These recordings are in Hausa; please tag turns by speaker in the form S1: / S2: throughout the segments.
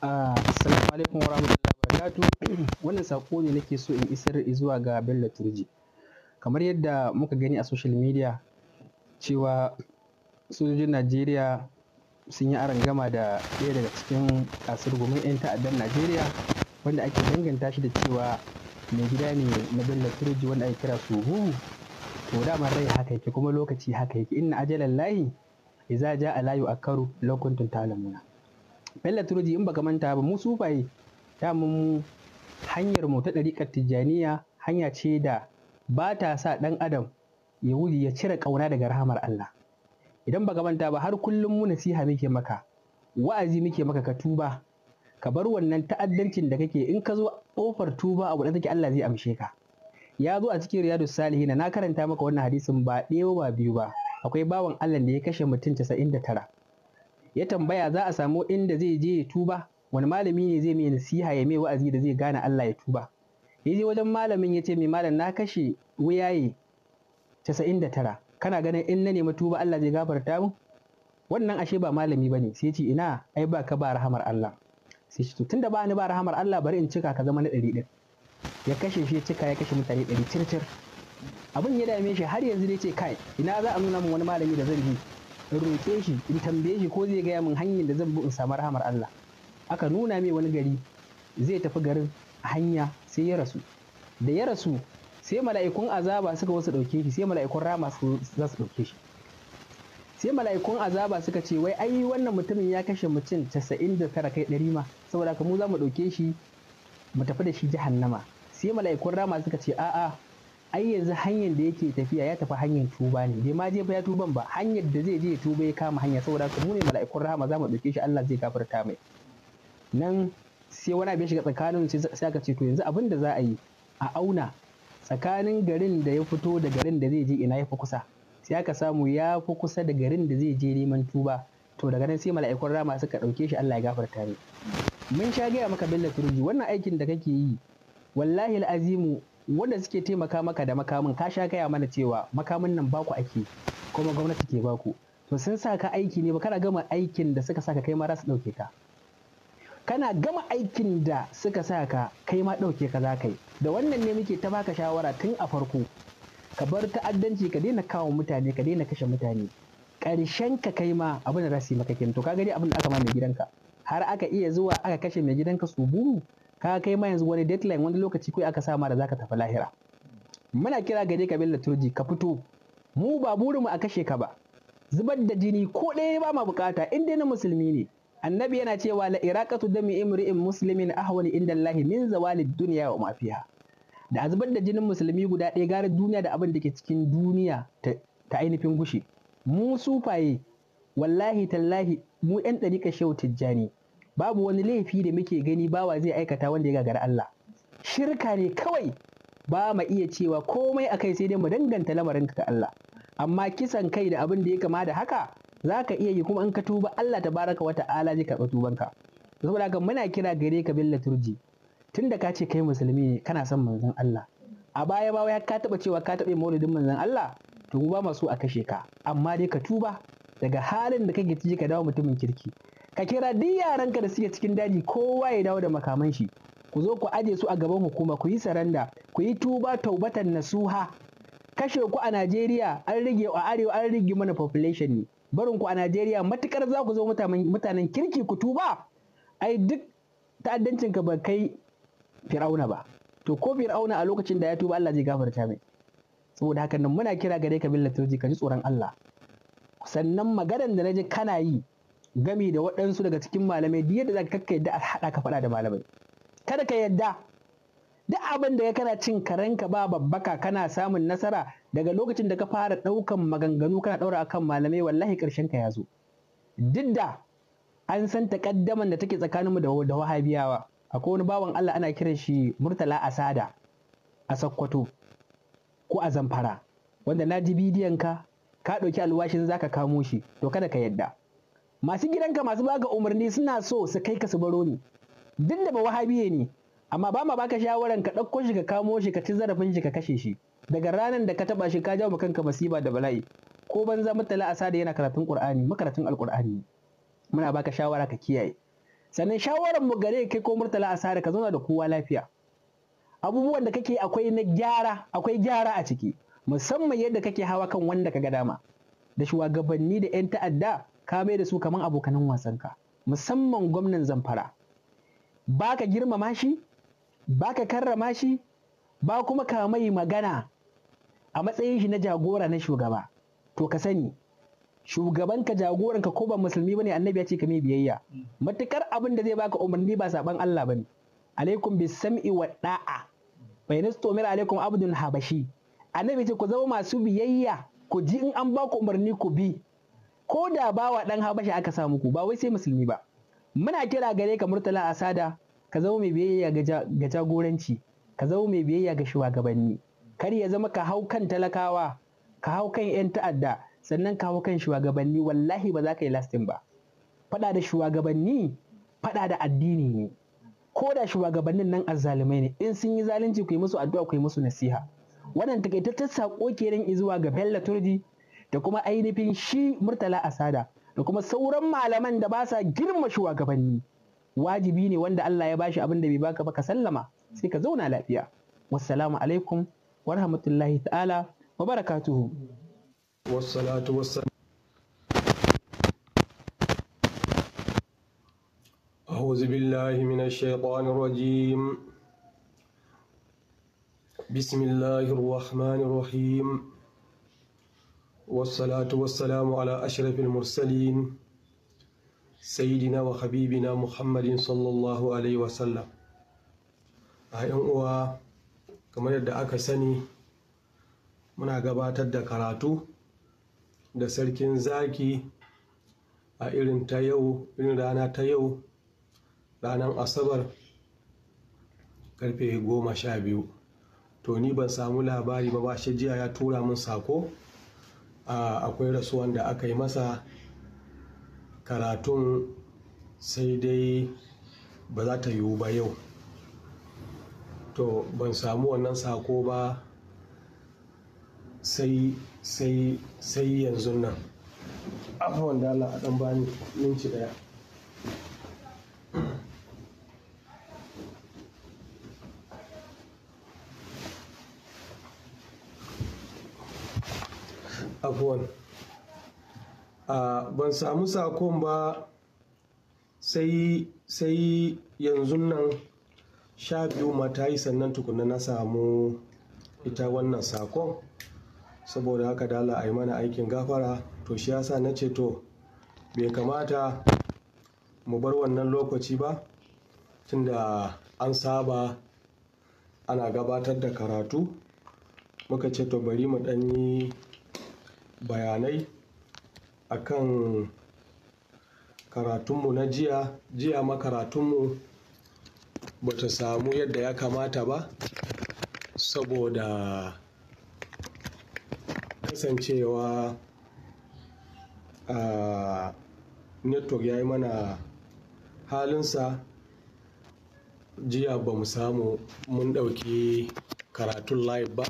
S1: Ah, assalamu alaikum warahmatullahi wabarakatuh. Wannan sako ne nake so in isar zuwa ga Bello Turji. Kamar yadda muka gani a social media cewa sojojin Najeriya sun yi arangama da ɗaya daga cikin kasar gumin 'yan ta'addar Najeriya wanda ake danganta shi da cewa mai gida ne na Bello Turji wanda ake kira Suhu. To dama rai haka yake kuma lokaci haka yake inna ajalan lahi iza ja a layu a karu lokuntun talamuna. bello Turuji in baka manta ba mu sufaye damun hanyar mu ta dariƙar tijjaniya hanya ce da ba ta sa ɗan adam ya wuri ya cire ƙauna daga rahamar Allah idan baka manta ba har kullum mu nasiha muke maka wa'azi muke maka ka tuba ka bar wannan ta'addancin da kake in ka zo ƙofar tuba abu da take Allah zai amshe ka ya zo a cikin riyadu salihina na karanta maka wannan hadisin ba ɗaya ba biyu ba akwai bawan Allah da ya kashe mutum casa'in da tara. ya tambaya za a samu inda zai je ya tuba wani malami ne zai mai nasiha ya mai wa'azi da zai gane Allah ya tuba ya je wajen malamin ya ce mai malam na kashe casa'in wuyaye tara kana ganin in na nemi tuba Allah zai gafarta mu wannan ashe ba malami ba ne, sai ce ina ai ba ka ba rahamar Allah sai shi tunda ba ni ba rahamar Allah bari in cika ka zama na ɗari ɗin. ya kashe shi ya cika ya kashe mutane ɗari cir circir abin ya dame shi har yanzu ne ce kai ina za a nuna min wani malami da zan bi in roƙe shi in tambaye shi ko zai gaya min hanyar da zan bi in samu rahamar Allah aka nuna mai wani gari zai tafi garin a hanya sai ya rasu da ya rasu sai mala'ikun azaba suka wasu ɗauke shi sai mala'ikun rama za su ɗauke shi sai mala'ikun azaba suka ce wai ai wannan mutumin ya kashe mutum casa'in da tara kai ɗari ma saboda haka mu za mu ɗauke shi mu tafi da shi jahannama sai mala'ikun rama suka ce a'a ai yanzu hanyar da yake tafiya ya tafi hanyar tuba ne bai ma je ba ya tuban ba hanyar da zai je ya tuba ya kama hanya saboda su mu ne mala'ikun rahama za mu ɗauke shi Allah zai gafarta mai nan sai wani abin shiga tsakanin sai aka ce to yanzu abin da za a yi a auna tsakanin garin da ya fito da garin da zai je ina ya fi kusa sai aka samu ya fi kusa da garin da zai je neman tuba to daga nan sai mala'ikun rama suka ɗauke shi Allah ya gafarta mai mun sha gaya maka billa turji wannan aikin da kake yi wallahi al'azimu wanda suke taimaka maka da makamin ka sha gaya mana cewa makamin nan baku ake kuma gwamnati ke baku to sun sa ka aiki ne ba kana gama aikin da suka saka kai ma za su ɗauke ka kana gama aikin da suka sa ka kai ma ɗauke ka za ka yi da wannan ne muke ta baka shawara tun a farko ka bar ta'addanci ka daina kawo mutane ka daina kashe mutane karshen ka kai ma abin da za su yi maka kenan to ka gani abin da aka ma mai gidanka har aka iya zuwa aka kashe mai gidanka su buhu ka kai ma yanzu wani deadline wani lokaci kai aka sama da zaka tafi lahira muna kira gare ka bin turji ka fito mu ba burin mu a kashe ka ba zubar da jini ko ɗaya ba ma bukata in dai na musulmi ne annabi yana cewa la iraqatu dami imri'in muslimin ahwani inda Allahi min zawalid dunya wa ma fiha da a zubar da jinin musulmi guda ɗaya gara duniya da abin da ke cikin duniya ta ainihin gushi mu sufaye wallahi tallahi mu yan ɗariƙa shehu tijjani babu wani laifi da muke gani bawa zai aikata wanda ya gagara Allah shirka ne kawai ba ma iya cewa komai a kai sai dai mu danganta lamarin ga Allah amma kisan kai da abin da ya kama da haka za ka iya yi kuma in ka tuba Allah ta tabaraka wa ta'ala zai karɓi ka saboda haka muna kira gare ka billa turji tunda ka ce kai musulmi ne kana son manzon Allah a baya ba wai ka taba cewa ka taɓa maulidin manzon Allah to mu ba masu a kashe ka amma dai ka tuba daga halin da kake ciki ka dawo mutumin kirki ka kira duk yaranka da suke cikin daji kowa ya dawo da makaman shi ku zo ku aje su a gaban hukuma ku yi saranda ku yi tuba taubatan nasuha kashe ku a Najeriya an rage a arewa an rage mana population ne barin ku a Najeriya matukar za ku zo mutanen kirki ku tuba ai duk ta'addancin ka ba kai fir'auna ba to ko fir'auna a lokacin da ya tuba Allah zai gafarta mai saboda haka nan muna kira gare ka billahi ka ji tsoron Allah sannan maganar da naji kana yi gami da waɗansu daga cikin malamai duk yadda za ka kakka yadda a haɗa ka faɗa da malamai kada ka yadda duk abin da ya kana cin ka ba babbaka kana samun nasara daga lokacin da ka fara ɗaukan maganganu kana ɗaura akan malamai wallahi ƙarshen ka ya zo duk da an san takaddaman da take tsakaninmu da wahabiyawa akwai wani bawan Allah ana kiran shi Murtala Asada a Sokoto ko a Zamfara wanda na ji bidiyon ka ka ɗauki alwashin zaka kamo shi to kada ka yadda masu gidanka masu baka umarni suna so su kai ka su baro ni duk da ba wahabiye ne amma ba ma baka shawaran ka ɗauko shi ka kamo shi ka ci zarafin shi ka kashe shi daga ranar da ka taɓa shi ka jawo kanka masiba da bala'i ko banza mutala asa da yana karatun qur'ani makaratun alqur'ani muna baka shawara ka kiyaye sannan shawaran mu gare kai ko murtala asara ka zauna da kowa lafiya abubuwan da kake akwai na gyara akwai gyara a ciki musamman yadda kake hawa kan wanda ka ga dama da shugabanni da 'yan ta'adda ka bai da su kamar abokanan wasanka musamman gwamnan zamfara ba ka girmama shi ba ka karrama shi ba kuma ka mai magana a matsayin shi na jagora na shugaba to ka sani shugabanka jagoranka ko ba musulmi bane annabi ya ce ka mai biyayya matukar abin da zai baka umarni ba saban Allah bane alaikum bis sam'i wa da'a bayanis tomir alaikum abdun habashi annabi ce ku zama masu biyayya ku ji in an baku umarni ku bi ko da bawa ɗan habasha aka samu ku ba wai sai musulmi ba muna kira gare ka murtala asada ka zama mai biyayya ga jagoranci ka zama mai biyayya ga shugabanni kar ya zama ka hau kan talakawa ka hau kan 'yan ta'adda sannan ka hau kan shugabanni wallahi ba za ka yi lastin ba faɗa da shugabanni faɗa da addini ne ko da shugabannin nan azzalumai ne in sun yi zalunci ku yi musu addu'a ku yi musu nasiha wannan takaitaccen sako kenan izuwa ga Bello Turdi da kuma ainihin shi murtala asada da kuma sauran malaman da ba sa girma shugabanni wajibi ne wanda Allah ya bashi abin da bai baka ba ka sallama sai ka zauna lafiya wassalamu alaikum wa rahmatullahi ta'ala wa barakatuhu wassalatu wassalam
S2: أعوذ بالله من الشيطان الرجيم بسم الله الرحمن الرحيم wassalatu wassalamu ala ashirafin mursalin sayidina wa habibina muhammadin sallallahu alaihi wasallam a yan uwa kamar yadda aka sani muna gabatar da karatu da sarkin zaki a irin rana ta yau ranar asabar karfe goma sha biyu to ni ban samu labari ba ba shi jiya ya tura mun sako akwai rasuwan da aka yi masa karatun sai dai ba za ta yiwu ba yau to ban samu wannan sako ba sai sai yanzu nan afuwan da Allah a ɗan bani minci ɗaya afuwan ban samu sakon ba sai sai yanzu nan sha biyu mata yi sannan tukuna na samu ita wannan sakon saboda haka dala a yi mana aikin gafara to shi yasa na ce to bai kamata mu bar wannan lokaci ba tunda an saba ana gabatar da karatu muka ce to bari mu ɗanyi bayanai akan karatunmu na jiya jiya makaratunmu ba ta samu yadda ya kamata ba saboda kasancewa a network ya yi mana halinsa jiya ba mu samu mun ɗauki karatun live ba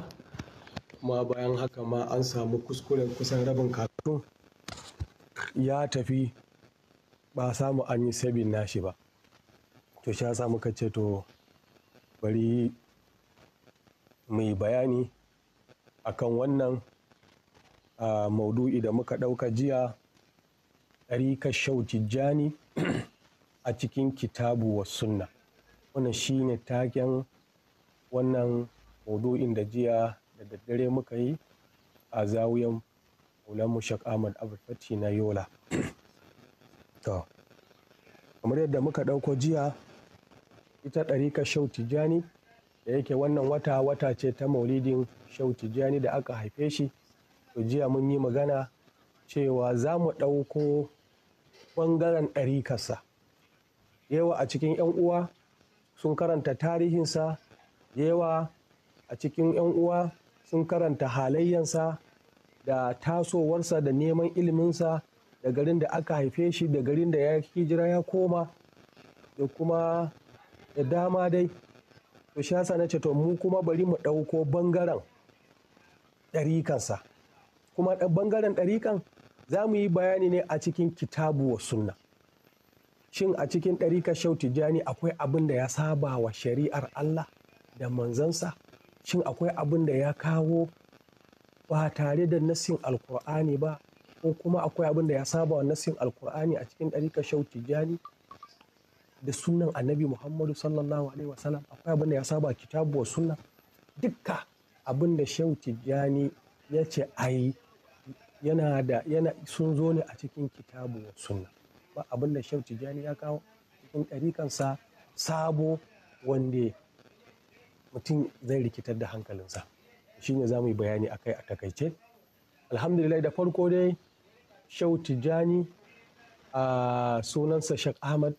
S2: kuma bayan haka ma an samu kuskuren kusan rabin kasuwa ya tafi ba samu an yi sabin nashi ba to sha sa muka ce to bari mai bayani akan wannan a maudu'i da muka ɗauka jiya ɗarikar jani a cikin kitabu wa sunna wannan shine taken wannan maudu'in da jiya da daddare muka yi a zawiyan Ulan Mushak Ahmad Abulfati na Yola. To, kamar yadda muka dauko jiya ita ɗarika Shau Tijani da yake wannan wata wata ce ta maulidin Shau Tijani da aka haife shi. To jiya mun yi magana cewa za mu ɗauko ɓangaren ɗarikarsa. Yawa a cikin 'yan uwa sun karanta tarihinsa, yawa a cikin 'yan uwa sun karanta halayyansa da tasowarsa da neman iliminsa da garin da aka haife shi da garin da ya hijira ya koma da kuma da dama dai to shasa na ce to mu kuma bari mu ɗauko bangaren ɗarikansa kuma bangaren ɗarikan za mu yi bayani ne a cikin kitabu wa sunna shin a cikin ɗarikar shautijani akwai abin da ya saba wa shari'ar Allah da manzansa shin akwai abin da ya kawo ba tare da nasin alkur'ani ba ko kuma akwai abin da ya saba wa nasin alkur'ani a cikin ɗarika shauki jani? da sunan annabi muhammadu sallallahu alaihi wasallam akwai abin da ya saba kitabu wa sunna dukka abin da shauki jani ya ce a yana da yana sun zo ne a cikin kitabu wa sunna ba abin da shauki jani ya kawo cikin ɗarikansa sabo wanda mutum zai rikitar da hankalinsa ne za mu yi bayani a kai a takaice alhamdulillah da farko dai shau tijani a sunansa shek ahmad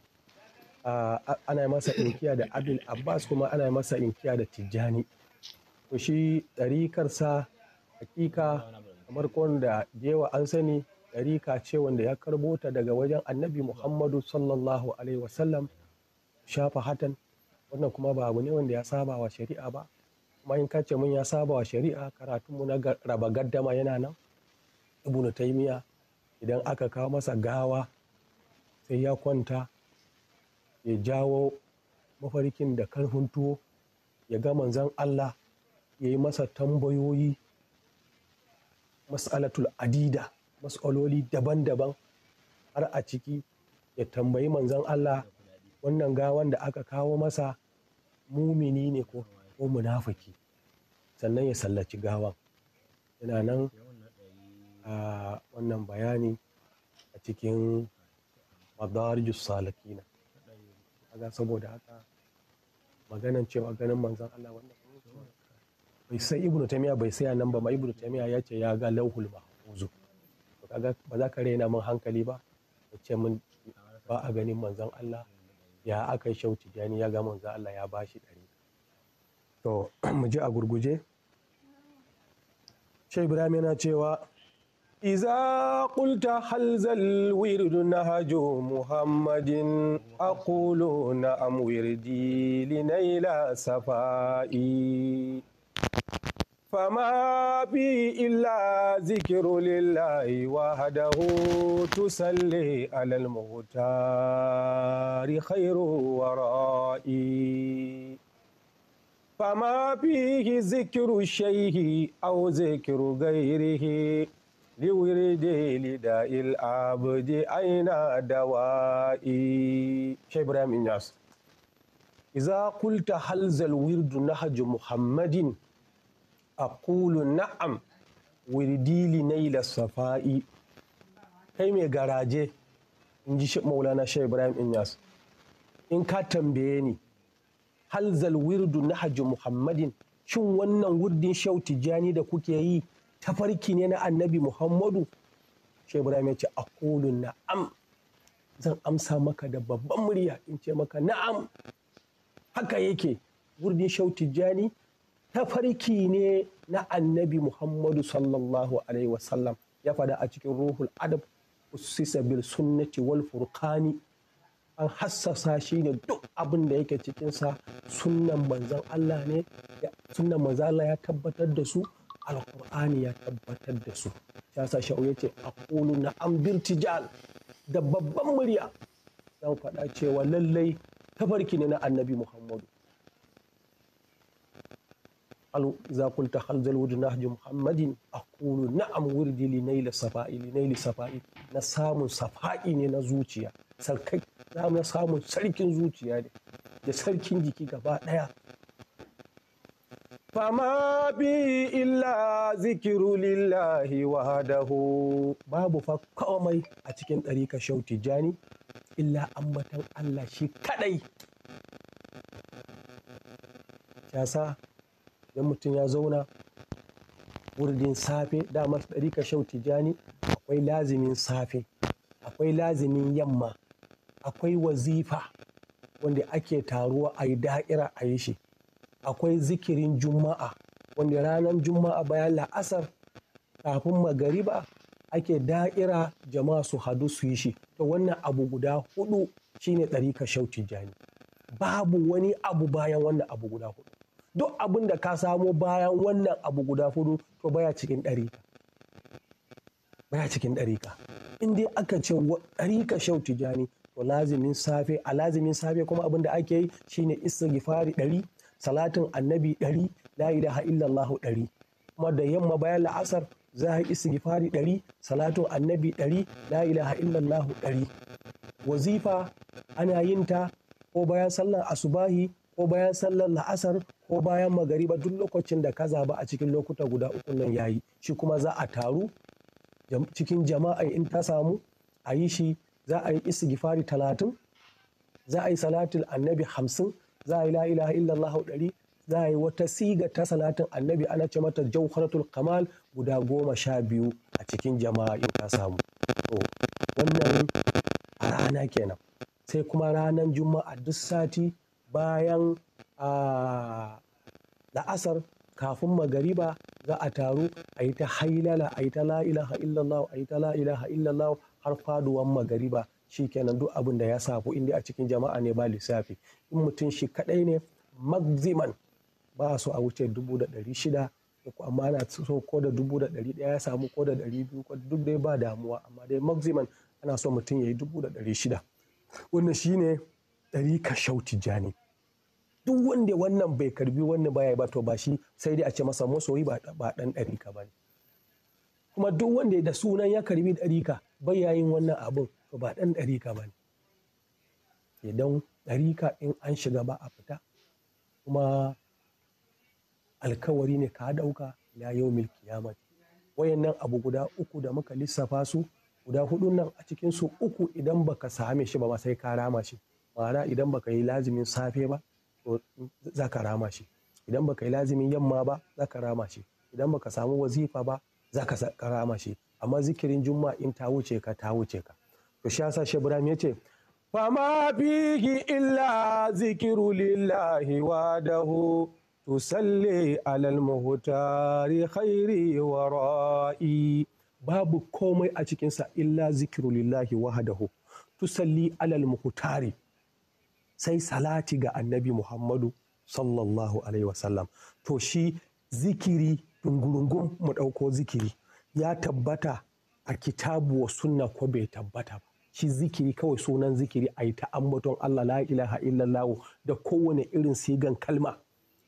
S2: ana masa inkiya da abdul abbas kuma ana masa inkiya da tijani to shi ɗarikarsa hakika kamar da yawa an sani ɗarika ce wanda ya karbota daga wajen annabi muhammadu sallallahu alaihi wasallam shafa hatan wannan kuma ba abu ne wanda ya saba wa shari'a ba kuma in kace mun ya saba wa shari'a karatunmu na raba gaddama yana nan ibn taimiya idan aka kawo masa gawa sai ya kwanta ya jawo mafarkin da karfin tuwo ya ga manzon allah ya yi masa tambayoyi mas'alatul adida mas'aloli daban-daban har a ciki ya tambayi manzon allah wannan gawan da aka kawo masa mumini ne ko munafiki sannan ya sallaci gawan yana nan a wannan bayani a cikin madarijus salakina kaga saboda haka maganan cewa ganin manzan Allah wannan bai sai ibnu taymiya bai sai nan ba ma ibnu taymiya ya ce ya ga lauhul mahfuz kaga ba za ka raina min hankali ba ya ce min ba a ganin manzan Allah ya aka yi shauci gani ya ga manzo Allah ya bashi ɗari to mu ji a gurguje shai ibrahim yana cewa iza qulta hal zal wird nahaju muhammadin aqulu na'am wirdi li naila safa'i فما بي إلا ذكر لله وحده تسلي على المغتار خير ورائي فما فيه ذكر الشيء أو ذكر غيره لورد لداء العبد أين دوائي شيخ إبراهيم إذا قلت هل ذا الورد نهج محمد aqulu na'am wirdili naila safa'i kai mai garaje in ji maulana shai ibrahim inyas in ka tambaye ni halzal wirdu na hajji muhammadin shin wannan wurdin shauti Jani da kuke yi ta farki ne na annabi muhammadu shai ibrahim ya ce aqulu na'am zan amsa maka da babban murya in ce maka na'am haka yake wurdin shauti Jani. tafarki ne na annabi muhammadu sallallahu alaihi wasallam ya fada a cikin ruhul adab usisa bil sunnati wal furqani an hassasa shi ne duk abin da yake cikinsa sunnan manzan Allah ne sunnan manzan Allah ya tabbatar da su alkur'ani ya tabbatar da su ya sa sha'u ya ce a Kulu na an birtijal da babban murya zan faɗa cewa lallai tafarki ne na annabi muhammadu hal za kulta hal zal wudu nahju muhammadin aqulu na'am wurdi li nail safa'i li safa'i na samun safa'i ne na zuciya sarkai na samun sarkin zuciya ne da sarkin jiki gaba daya fama bi illa zikiru lillahi hadahu. babu fa komai a cikin ɗarika shauti jani illa ambatan Allah shi kadai ya sa idan mutum ya zauna wurin safe damar ɗarika shau tijani akwai lazimin safe akwai lazimin yamma akwai wazifa wanda ake taruwa a yi da'ira a yi shi akwai zikirin juma'a wanda ranar juma'a bayan la'asar kafin magariba ake da'ira jama'a su hadu su yi shi to wannan abu guda hudu shine ɗarika shau tijani babu wani abu bayan wannan abu guda hudu duk abin da ka samo bayan wannan abu guda fudu to baya cikin ɗarika baya cikin ka in dai aka ce ka shau tijani to lazimin safe a lazimin safe kuma abin da ake yi shine istighfari ɗari salatin annabi ɗari la ilaha illallahu ɗari kuma da yamma bayan la'asar za a yi istighfari ɗari salatu annabi ɗari la ilaha illallahu ɗari wazifa ana yin ta ko bayan sallar asubahi ko bayan sallar la'asar ko bayan magari ba duk lokacin da ka zaba a cikin lokuta guda uku nan yayi shi kuma za a taru cikin jama'a in ta samu a yi shi za a yi istighfari talatin za a yi salatin annabi hamsin za a yi la ilaha illallah ɗari za a yi wata siga ta salatin annabi ana ce mata jauharatul kamal guda goma sha biyu a cikin jama'a in ta samu to wannan a rana kenan sai kuma ranar juma'a duk sati bayan a ah, la'asar kafin magariba za a taru a yi ta hailala a yi ta la ilaha illallah a yi ta la ilaha illallah har faduwan magariba Shi kenan duk abin da ya safu inda a cikin jama'a ne ba lissafi in mutum shi kadai ne maximum ba su a wuce dubu da ɗari shida amma ana so ko da dubu da ɗari ɗaya ya samu ko da ɗari biyu ko duk dai ba damuwa amma dai maximum ana so mutum ya yi dubu da ɗari shida wannan shine ɗari ka shauti jani duk wanda wannan bai karbi wannan baya ba to ba shi sai dai a ce masa masoyi ba ɗan ɗari ka ba ne kuma duk wanda da sunan ya karbi ɗari ka bai yayin wannan abun to ba ɗan ɗari ka ba ne idan ɗari ka in an shiga ba a fita kuma alkawari ne ka ɗauka ya yau milki wayannan abu guda uku da muka lissafa su guda hudun nan a cikin su uku idan baka same shi ba sai ka rama shi ma'ana idan baka yi lazimin safe ba to za ka rama shi idan baka yi lazimin yamma ba za ka rama shi idan baka samu wazifa ba za ka rama shi amma zikirin juma'a in ta wuce ka ta wuce ka to shi yasa ya ce fama bihi illa zikiru lillahi wadahu tusalli alal muhtari khairi wara'i babu komai a cikinsa illa zikiru lillahi wahdahu tusalli alal muhtari sai salati ga annabi muhammadu sallallahu alaihi wasallam to shi zikiri ɗungurungun mu ɗauko zikiri ya tabbata a kitabu wa sunna ko bai tabbata ba shi zikiri kawai sunan zikiri a yi ta'ambaton Allah la ilaha illallah da kowane irin sigan kalma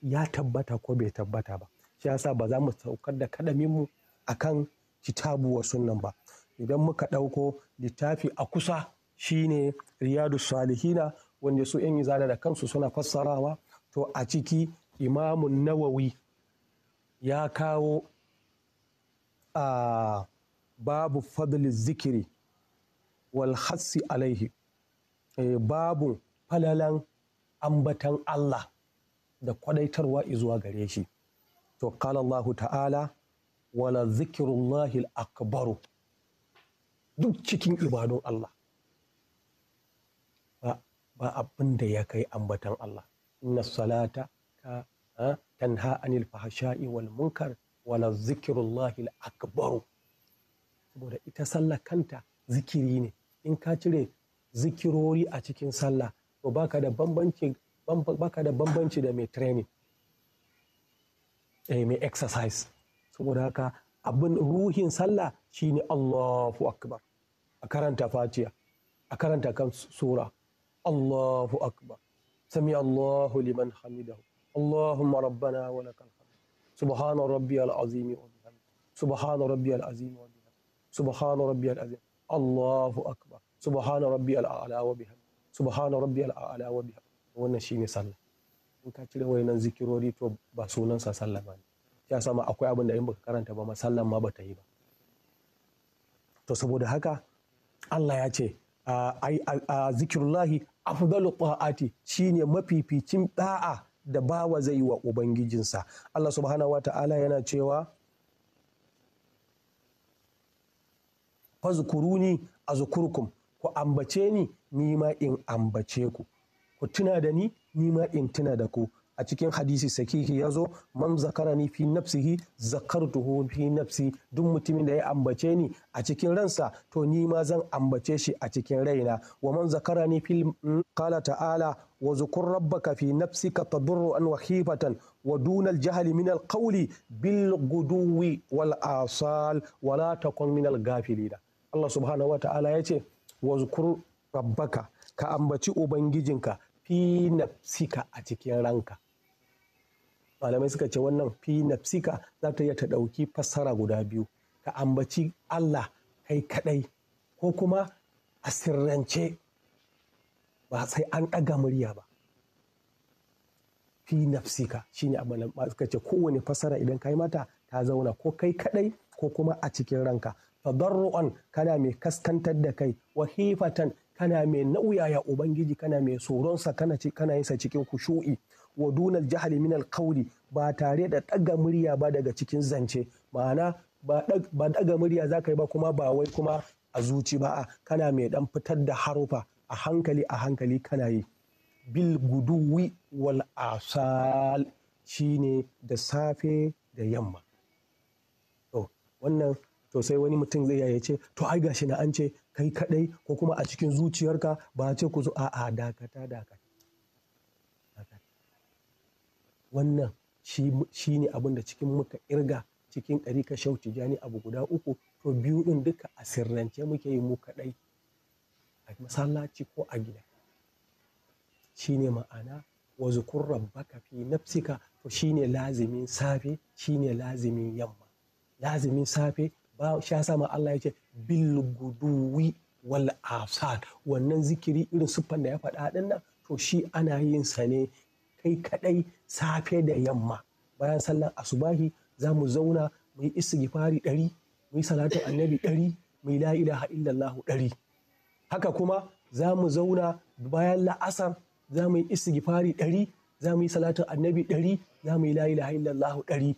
S2: ya tabbata ko bai tabbata ba shi yasa ba za mu saukar da kadamin mu akan kitabu wa sunnan ba idan muka ɗauko littafi a kusa shine riyadu salihina wanda su yan izana da kansu suna fassarawa to a ciki imamun nawawi ya kawo a babu fadli zikiri wal hassi alaihi e, babu falalan ambatan Allah da kwadaitarwa izuwa gare shi to kalallahu ta'ala wala zikirullahi al duk cikin ibadun Allah ba abin da ya kai ambatan Allah inna salata ka tanha anil fahsha'i wal munkar wala zikrullahi akbaru. saboda ita sallah kanta zikiri ne in ka cire zikirori a cikin sallah to baka da bambanci da bambanci da mai training eh mai exercise saboda haka abin ruhin sallah shine Allahu akbar a karanta fatiha a karanta kan sura Allahu akbar sami Allahu liman hamidahu Allahumma rabbana wa lakal hamd subhana rabbiyal azim wa bihamd subhana rabbiyal azim wa bihamd subhana rabbiyal Allahu akbar subhana rabbiyal a'la wa bihamd wannan shine sallah in ka cire wayannan zikirori to ba sunan sa sallah ba ne ya sama akwai abin da in baka karanta ba ma sallah ma bata yi ba to saboda haka Allah ya ce a zikirullahi afdalu ta'ati shine mafificin da'a da bawa zai yi wa ubangijinsa Allah subhanahu wata'ala yana cewa fazkuruni azkurkum ku ambace ni nima in ambace ku ku tuna da ni nima in tuna da ku a cikin hadisi sakihi ya zo man zakarani fi nafsihi zakartuhu fi nafsi duk mutumin da ya ambace ni a cikin ransa to ni ma zan ambace shi a cikin raina wa man zakarani fi mm, qala ta'ala wa zukur rabbaka fi nafsika tadurruan wa khifatan wa dunal jahli min alqawli bil guduwi wal asal wa la takun min al gafilina Allah subhanahu wa ta'ala yace wa zukur rabbaka ka ambaci ubangijinka fi nafsika a cikin ranka malamai suka ce wannan fi nafsika za ta iya ta ɗauki fassara guda biyu ka ambaci Allah kai kaɗai ko kuma a sirrance ba sai an ɗaga murya ba fi nafsika shine abin suka ce kowane fassara idan ka yi mata ta zauna ko kai kaɗai ko kuma a cikin ranka tadarru'an kana mai kaskantar da kai wa hifatan kana mai nauyaya ubangiji kana mai tsoronsa kana kana yinsa cikin kushu'i wa dunal jahali min alqawli ba tare da daga murya ba daga cikin zance ma'ana ba daga murya zaka yi ba kuma ba wai kuma a zuci ba a kana mai dan fitar da harufa a hankali a hankali kana yi bil guduwi wal asal shine da safe da yamma to wannan to sai wani mutum zai ya ce to ai gashi na an ce kai kadai ko kuma a cikin zuciyarka ba ce ku zo a'a dakata dakata wannan shi ne abin da cikin muka irga cikin ka shauti jani abu guda uku to biyu ɗin duka a sirrance muke yi mu kaɗai a masallaci ko a gida shi ne ma'ana wa zukur rabbaka fi nafsika to shi ne lazimin safe shi ne lazimin yamma lazimin safe shi ya sama Allah ya ce bil guduwi wal afsad wannan zikiri irin siffan da ya faɗa din nan to shi ana yin sa ne kai kadai safe da yamma bayan sallar asubahi za mu zauna mu yi istighfari ɗari mu yi salatu annabi ɗari mu yi la ilaha illallah ɗari haka kuma za mu zauna bayan la'asar za mu yi istighfari ɗari za mu yi salatu annabi ɗari za mu yi la ilaha illallah ɗari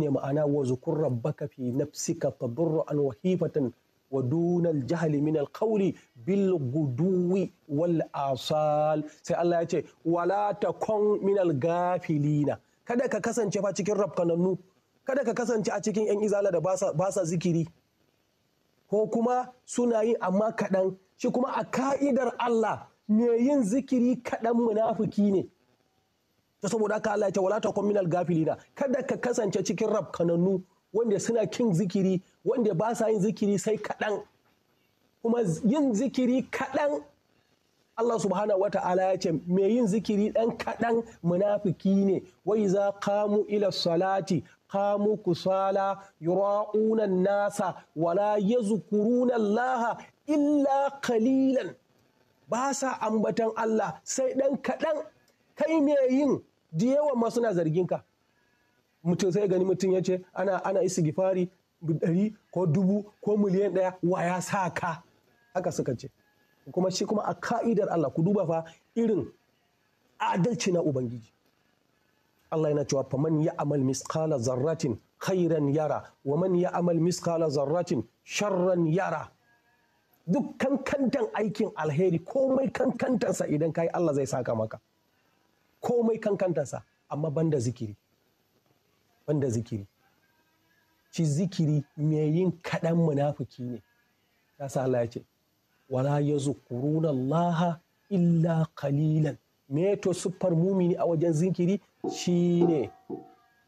S2: ne ma'ana wa zukur rabbaka fi nafsika tadurru wa hifatan wa dunal jahli min alqawli bil guduwi wal asal sai Allah ya ce wala takun min gafilina kada ka kasance fa cikin rabkanannu kada ka kasance a cikin yan izala da ba sa zikiri ko kuma suna yi amma kaɗan shi kuma a ka'idar Allah me yin zikiri kaɗan munafiki ne ta saboda haka Allah ya ce wala takun minal gafilina kada ka kasance cikin rabkanannu wanda suna kin zikiri wanda ba sa yin zikiri sai kadan kuma yin zikiri kaɗan Allah subhanahu wata'ala ya ce mai yin zikiri ɗan kaɗan munafiki ne wai za kamu ila salati kamu kusala yura'unan nasa wala yazkuruna laha illa kalilan ba sa ambatan Allah sai ɗan kaɗan kai mai yin da yawan ma suna zargin ka mutum sai gani mutum ya ce ana ana isigifari ɗari ko dubu ko miliyan ɗaya wa ya sa ka haka suka ce kuma shi kuma a ka'idar Allah ku duba fa irin adalci na ubangiji Allah yana cewa faman ya amal miskala zarratin khairan yara wa man ya amal miskala zarratin sharran yara duk kankantan aikin alheri komai kankantansa idan kai Allah zai saka maka komai kan kantansa amma banda zikiri banda zikiri shi zikiri mai yin kaɗan munafiki ne ya sa Allah ya ce wala yazkuruna Allah illa qalilan me to siffar mumini a wajen zikiri shine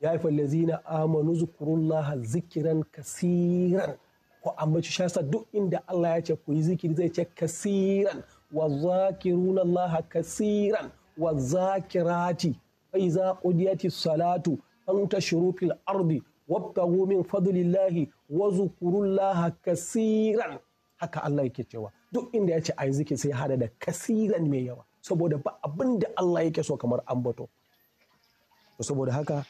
S2: ya yi fallazina amanu zukurullaha zikiran kasiran ko shi shasa duk inda Allah ya ce ku yi zikiri zai ce kasiran wa zakirun Allah kasiran wa zakirati فإذا قضيت salatu فانتشروا في fil ardi wabtagu min fadlillahi wa zukurullaha kaseeran haka Allah yake cewa duk inda yace ayi zikir sai hada da kasiran mai yawa saboda ba abinda Allah yake so kamar ambato saboda haka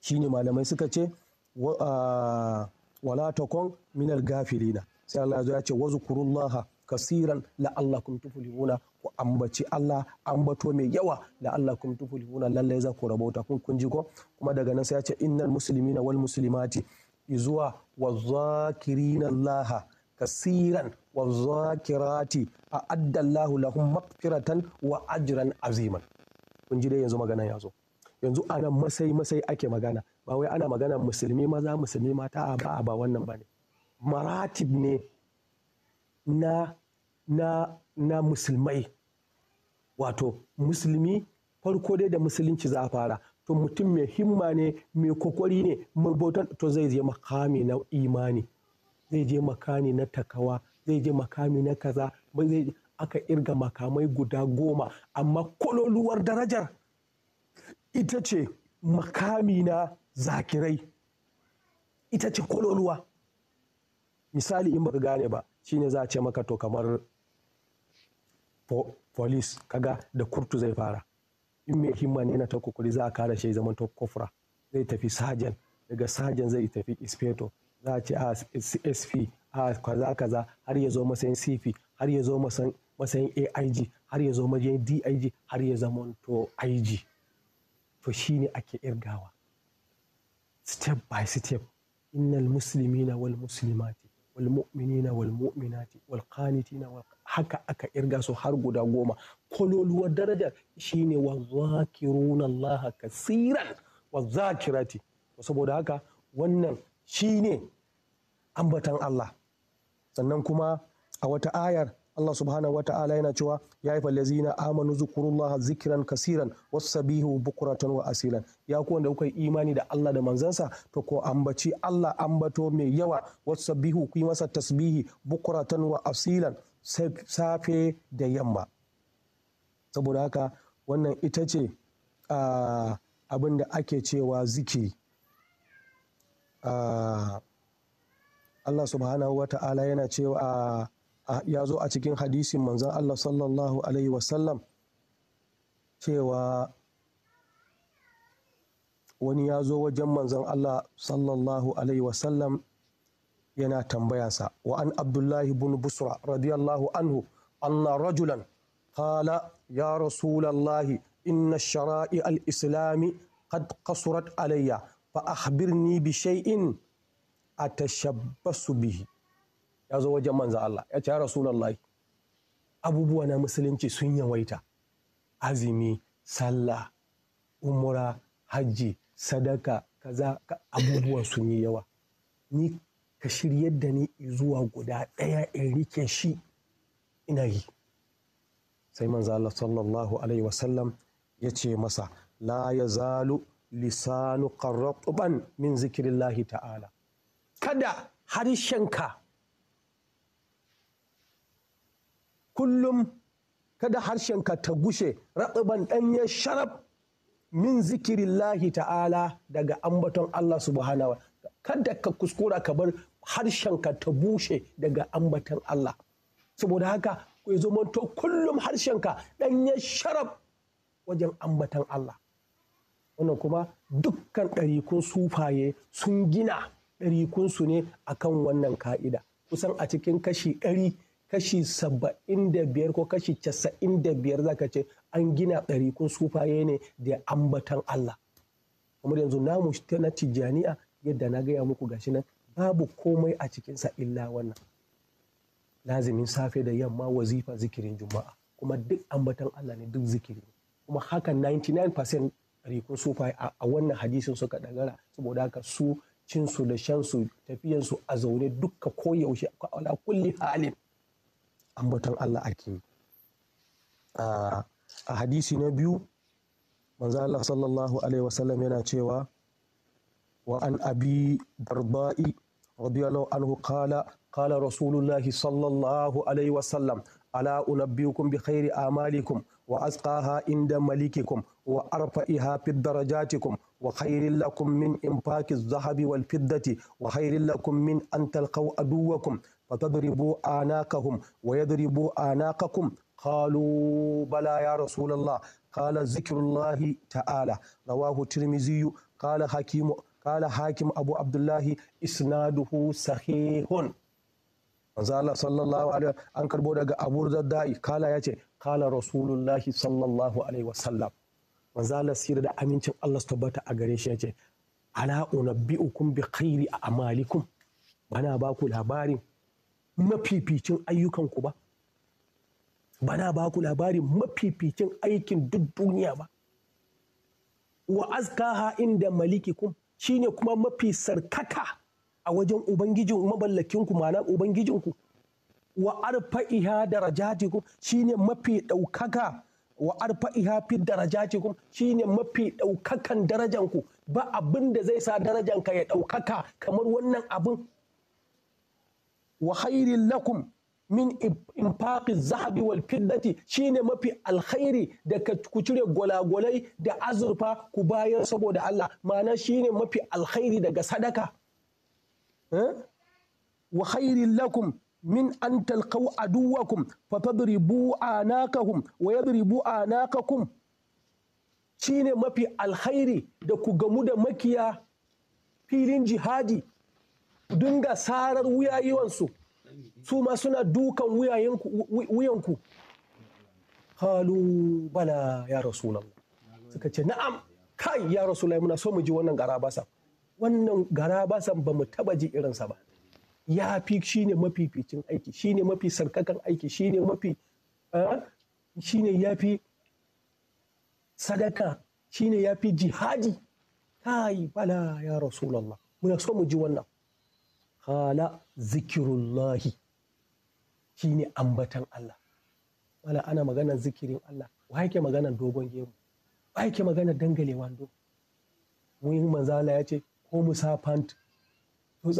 S2: shine malamai suka ce wala takon minal gafilina sai Allah ya ce zukurullaha kasiran la'allakum tuflihuna ambaci Allah ambato mai yawa la Allah kun tuflihuna lallai za ku rabauta kun kun ji ko kuma daga nan sai ya ce innal muslimina wal muslimati izuwa wazakirina Allah kasiran wazakirati a addallahu lahum maghfiratan wa ajran aziman kun ji dai yanzu magana ya zo yanzu ana masai masai ake magana ba wai ana magana musulmi maza musulmi mata a ba ba wannan bane maratib ne na na na musulmai wato musulmi farko dai da musulunci za a fara to mutum mai himma ne mai kokwari ne mabautan to zai je makami na imani zai je makami na takawa zai je makami na kaza zai aka irga makamai guda goma amma kololuwar darajar ita ce makami na zakirai ita ce kololuwa misali in ba gane ba shine za a ce maka to kamar police kaga da kurtu zai fara in mai himma ne yana ta kokari za a kare shi zaman ta kofra zai tafi sajan daga sajan zai tafi ispeto za a ce a ah, sp a ah, kaza kaza har ya zo matsayin cp har ya zo matsayin aig har ya zo matsayin dig har ya zama to ig to shi ne ake irgawa step by step innal muslimina wal muslimati wal mu'minina wal mu'minati wal qanitina wal haka aka irga su har guda goma kololuwar darajar shine wa zakiruna Allah kasiran wa zakirati saboda haka wannan shine ambatan Allah sannan kuma a wata ayar Allah subhanahu wa ta'ala yana cewa ya yi fallazina amanu zukurullaha zikiran kasiran wasabihu bukuratan wa asilan ya ku wanda kuka yi imani da Allah da manzansa to ko ambaci Allah ambato mai yawa wasabihu ku yi masa tasbihi bukuratan wa asilan safe da yamma saboda haka wannan ita ce abin da ake cewa zikiri Allah subhanahu wa ta'ala yana cewa ya zo a cikin hadisin manzan Allah sallallahu alaihi wasallam cewa wani ya zo wajen manzan Allah sallallahu alaihi wasallam yana tambayansa wa an abdullahi bin busra radiyallahu anhu anna rajulan qala ya rasulallahi inna shara'i al-islami qad qasurat alayya fa akhbirni bi shay'in atashabbasu bihi ya zo wajen manzo Allah ya ce ya rasulallahi abubuwa na musulunci sun yawaita azumi sallah umura hajji sadaka kaza abubuwan sun yi yawa ni ka shiryar da ni zuwa guda ɗaya in rike shi ina yi sai manzo Allah sallallahu alaihi wasallam ya ce masa la yazalu lisanu qarratuban min zikirillahi ta'ala kada harshenka kullum kada harshenka ta gushe ratsuban ɗanye sharaf min zikirillahi ta'ala daga ambaton Allah subhanahu wa kada ka kuskura ka bar harshenka ta bushe daga ambatan Allah saboda haka ku zo zumunto kullum harshenka ɗanye sharaf wajen ambatan Allah wannan kuma dukkan ɗarikun sufaye sun gina ɗarikunsu ne akan wannan ka'ida kusan a cikin kashi ɗari kashi saba'in da biyar ko kashi casa'in da biyar zaka ce an gina ɗarikun sufaye ne da ambatan Allah kuma yanzu namu na tijjaniya yadda na gaya muku gashi nan babu komai a cikinsa illa wannan lazimin safe da yamma wazifa zikirin juma'a kuma duk ambatan Allah ne duk zikiri kuma haka 99% rikun sufa a wannan hadisin suka dagara saboda haka su cinsu da shansu tafiyansu a zaune dukka koyaushe ala kulli halin ambaton Allah ake a hadisi na biyu manzo Allah sallallahu alaihi wasallam yana cewa wa an abi darba'i رضي الله عنه قال قال رسول الله صلى الله عليه وسلم ألا أنبئكم بخير أعمالكم وأزقاها عند ملككم وأرفعها في درجاتكم وخير لكم من إنفاق الذهب والفضة وخير لكم من أن تلقوا عدوكم فتضربوا أعناقهم ويضربوا أعناقكم قالوا بلى يا رسول الله قال ذكر الله تعالى رواه الترمذي قال حكيم qala hakim abu abdullahi isnaduhu sahihun manzo Allah sallallahu alaihi an karbo daga Abu Daddai kala yace kala rasulullahi sallallahu alaihi wasallam manzo sirri da amincin Allah tabbata a gare shi yace ala unabbiukum bi khairi amalikum bana ba ku labarin mafificin ayyukan ku ba bana ba ku labarin mafificin aikin duk duniya ba wa azkaha inda malikikum shine kuma mafi sarkaka a wajen ubangijin maballakinku ma'ana ubangijinku wa arfa'iha shi shine mafi ɗaukaka wa iha fi shi shine mafi ɗaukakan darajanku ba abin da zai sa darajanka ya ɗaukaka kamar wannan abin wa khairin lakum min infaqi zahabi wal fiddati shine mafi alkhairi da ku cire da azurfa ku bayar saboda Allah ma'ana shine mafi alkhairi daga sadaka wa khairin lakum min an talqaw aduwakum fa tadribu anakahum wa yadribu anakakum shine mafi alkhairi da ku gamu da makiya filin jihadi dinga sarar wuyayiwansu su ma suna dukan wuyanku halu bala ya rasulallah suka ce na'am kai ya rasulallah muna so mu ji wannan garabasan wannan garabasan ba mu taba ji irinsa ba ya fi mafi mafificin aiki shine mafi sarkakan aiki shine mafi ne ya fi sadaka shine ya fi jihadi kai bala ya rasulallah muna so mu ji wannan kala zikirullahi shine ambatan Allah wala ana magana zikirin Allah wa yake magana dogon gemu wa yake magana dangale wando mun manzo Allah ya ce ko musafant to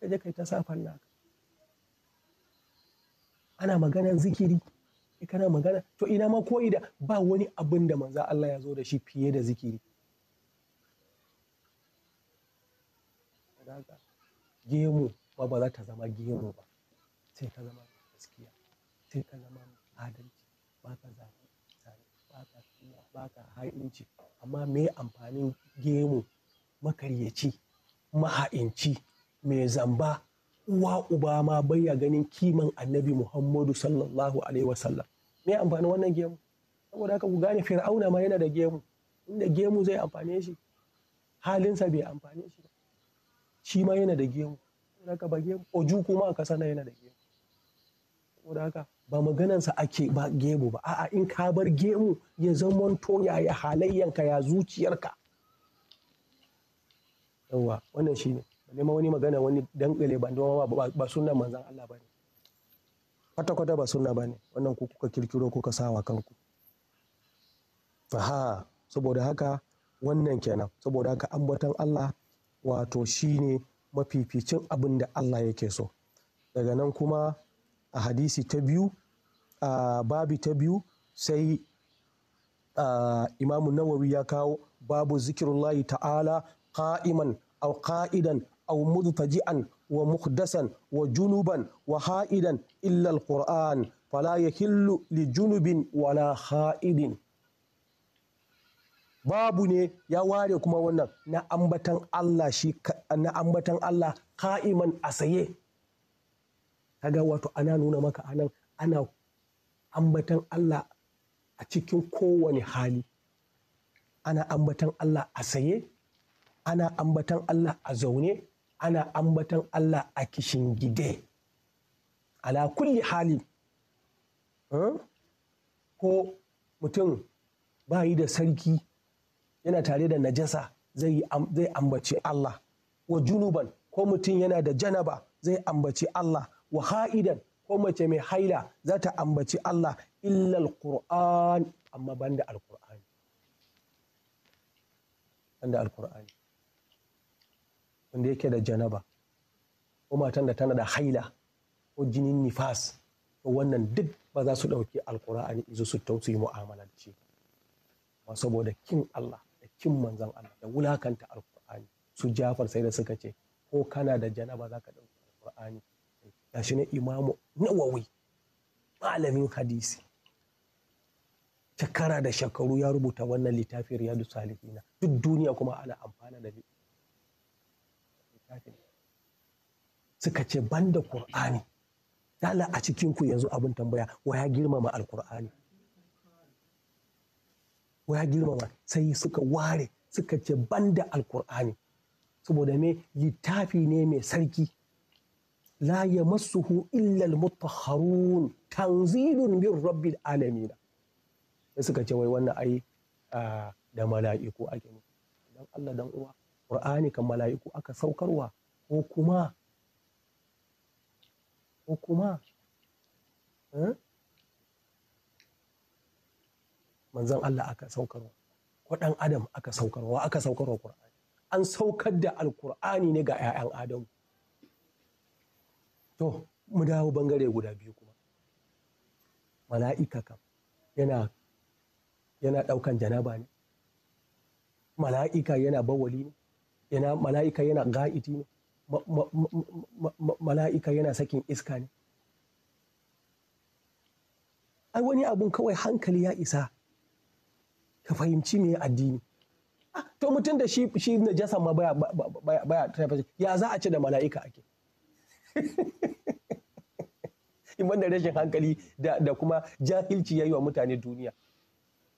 S2: ka je kai ta safan naka ana magana zikiri kana magana to ina ma ko ida ba wani abin da manzo Allah ya zo da shi fiye da zikiri gemu ba ba za ta zama gemu ba sai ta zama mai gaskiya sai ta zama mai adalci ba ka zane ba ka ƙarya ba ka ha'inci amma me amfanin gemu makaryaci maha'inci mai zamba uwa uba ma bayya ganin kiman annabi muhammadu sallallahu alaihi wasallam me amfanin wannan gemu saboda haka ku gane fir'auna ma yana da gemu inda gemu zai amfane shi halinsa bai amfane shi shi ma yana da gemu haka ba gemu oju kuma a kasa na yana da gemu saboda haka ba maganansa ake ba gemu ba a'a in ka bar gemu ya zamanto yaya halayyanka ya zuciyarka yawa wannan shi ne nema wani magana wani dangale ba ba sunan manzon Allah bane. kwata-kwata ba sunna bane wannan ku kuka kirkiro kuka sawa kanku ha saboda haka wannan kenan saboda haka ambaton Allah wato shine mafificin abin da Allah yake so daga nan kuma a hadisi ta biyu a babi ta biyu sai imamu nawawi ya kawo babu zikirullahi ta'ala qa'iman au qa'idan aw mudtaji'an wa muhdasan wa junuban wa ha'idan illa alquran fala yahillu li junubin wala ha'idin babu ne ya ware kuma wannan na ambatan Allah shi na ambatan Allah ka'iman a saye kaga wato ana nuna maka anan ana ambatan Allah a cikin kowane hali ana ambatan Allah a saye ana ambatan Allah a zaune ana ambatan Allah a kishin gide ala kulli hali eh, ko mutum ba yi da sarki yana tare da najasa zai ambaci Allah wa junuban ko mutum yana da janaba zai ambaci Allah wa ha'idan ko mace mai haila za ta ambaci Allah illal Qur'an amma banda alqur'ani banda alqur'ani wanda yake da janaba ko matan da tana da haila ko jinin nifas ko wannan duk ba za su ɗauki alqur'ani izu su tausayi mu'amalanci ba saboda kin Allah kin manzon Allah da wulakanta alkur'ani su Jafar sai da suka ce ko kana da janaba zaka ɗauki alkur'ani shi ne imamu Nawawi malamin hadisi shekara da shekaru ya rubuta wannan littafin riyadu salihina duk duniya kuma ana amfana da littafin suka ce banda qur'ani dala a cikinku yanzu abin tambaya wa ya girmama alkur'ani ya girmama sai suka ware suka ce banda alkur'ani saboda me littafi ne mai sarki la ya masuhu illal mutahharun tanzilun min rabbil alamin sai suka ce wai wannan ai da mala'iku ake ne dan Allah dan uwa qur'ani kan mala'iku aka saukarwa ko kuma ko kuma eh? manzon Allah aka saukarwa ko dan adam aka saukarwa aka saukarwa Qur'ani an saukar da alkur'ani ne ga 'ya'yan adamu to mu dawo bangare guda biyu kuma mala'ika kam yana yana ɗaukan janaba ne mala'ika yana bawali ne yana mala'ika yana ga'iti ne mala'ika yana sakin iska ne ai wani abun kawai hankali ya isa ka fahimci me addini ah, to mutum da shi shi najasa ma baya baya baya ya za a ce da mala'ika ake in da rashin hankali da kuma jahilci yayi wa mutane duniya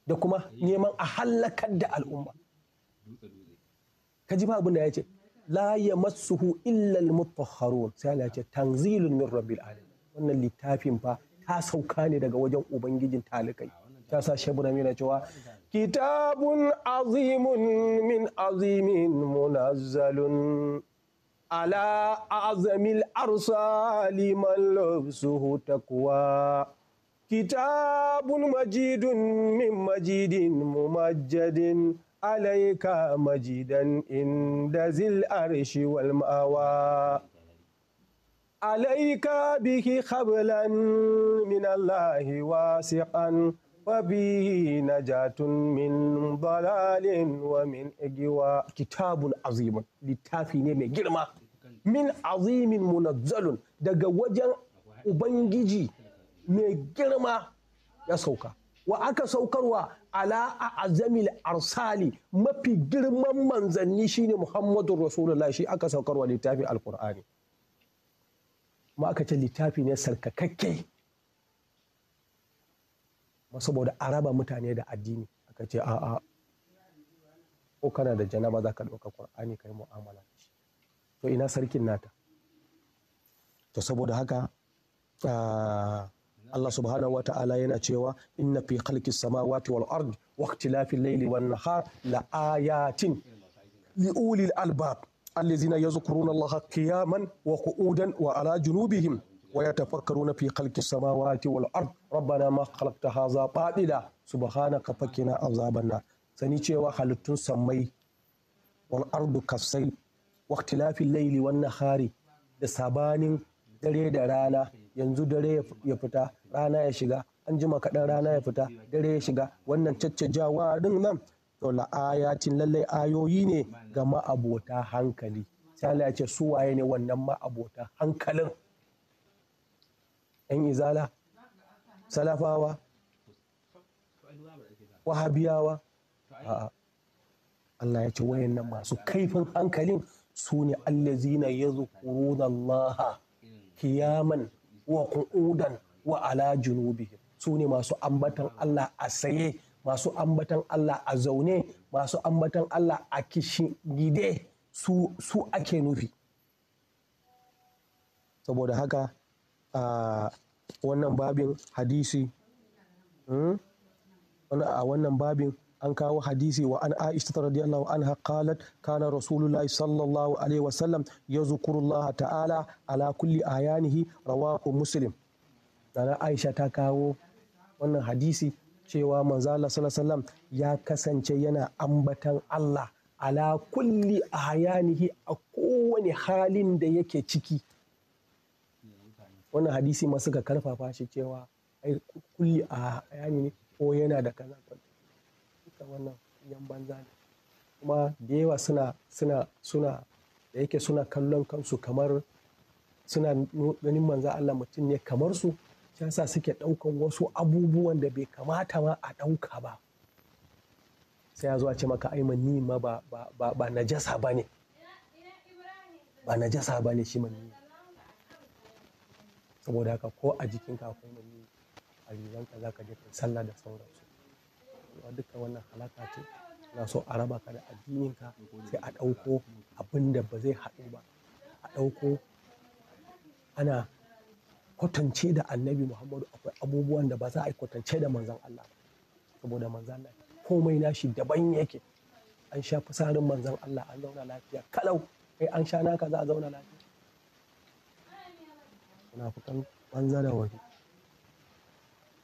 S2: da kuma neman a halakar da al'umma ka ji ba abin da ya ce la yamassuhu illa al-mutahharun sai Allah ya ce tanzilun min rabbil alamin wannan littafin fa ta sauka ne daga wajen ubangijin talikai ta sa shabu na cewa كتاب عظيم من عظيم منزل على أعظم الأرسال من لبسه تقوى كتاب مجيد من مجيد ممجد عليك مجيدا عند ذي الأرش والمأوى عليك به خبلا من الله واسعا وبه نجاة من ضلال ومن إجوا كتاب عظيم لتافي نمي جرما من عظيم منزل دقا وجن وبنجي mai girma ya sauka wa aka saukarwa ala a azamil arsali mafi girman manzanni shine muhammadu rasulullah shi aka saukarwa littafin alkur'ani ma aka ce littafi ne sarkakakke saboda a raba mutane da addini aka ce a'a ko kana da janaba za ka ɗauka ƙur'ani ka yi mu'amala da shi to ina sarkin nata to saboda haka ah, Allah subhanahu wa ta'ala yana cewa inna fi khalqis samawati wal ard wa ikhtilafil layli wan nahar la ayatin li ulil albab allazina yazkuruna Allah qiyaman wa qu'udan wa ala junubihim ويتفكرون في خلق السماوات والأرض ربنا ما خلقت هذا باطلا سبحانك فقنا عذاب النار sani cewa halittun sammai wal ardu kasai waktilafin laili wan nahari da sabanin dare da rana yanzu dare ya fita rana ya shiga an jima kaɗan rana ya fita dare ya shiga wannan caccajawa din nan to la'ayatin lallai ayoyi ne ga ma'abota hankali sai ya ce su waye ne wannan ma'abota hankalin 'yan izala salafawa wahabiyawa a'a Allah ya ce nan masu kaifin hankalin su ne allazina da Allah kiyaman wa ƙudan wa ala junubi su ne masu ambatan Allah a saye masu ambatan Allah a zaune masu ambatan Allah a gide su ake nufi saboda haka a wannan babin hadisi hmm? a wannan babin an kawo hadisi wa an aisha ta radiyallahu anha qalat kana rasulullahi sallallahu alaihi wasallam Allah ta'ala ala kulli ayanihi rawahu muslim dana aisha ta kawo wannan hadisi cewa manzo Allah sallallahu alaihi wasallam ya kasance yana ambatan Allah ala kulli ayanihi a kowane halin da yake ciki wannan hadisi ma suka karfafa shi cewa ai kulli a yani ne ko yana da kaza duka wannan yan banza ne kuma da yawa suna suna suna da yake suna kallon kansu kamar suna ganin manzo Allah mutum ne kamar su yasa suke ɗaukan wasu abubuwan da bai kamata ma a ɗauka ba sai ya zo a ce maka ai manni ma ba ba ba najasa bane ba najasa bane shi manni saboda haka ko a jikinka akwai maniyyi a za ka je kai sallah da sauransu duka wannan halaka ce na so a raba ka da addininka sai a ɗauko abin da ba zai haɗu ba a ɗauko ana kwatance da annabi muhammadu akwai abubuwan da ba za a yi kwatance da manzan allah saboda manzan allah komai nashi daban yake an sha fasarin manzan allah an zauna lafiya kalau kai an sha naka za a zauna lafiya munafukan banza da wafi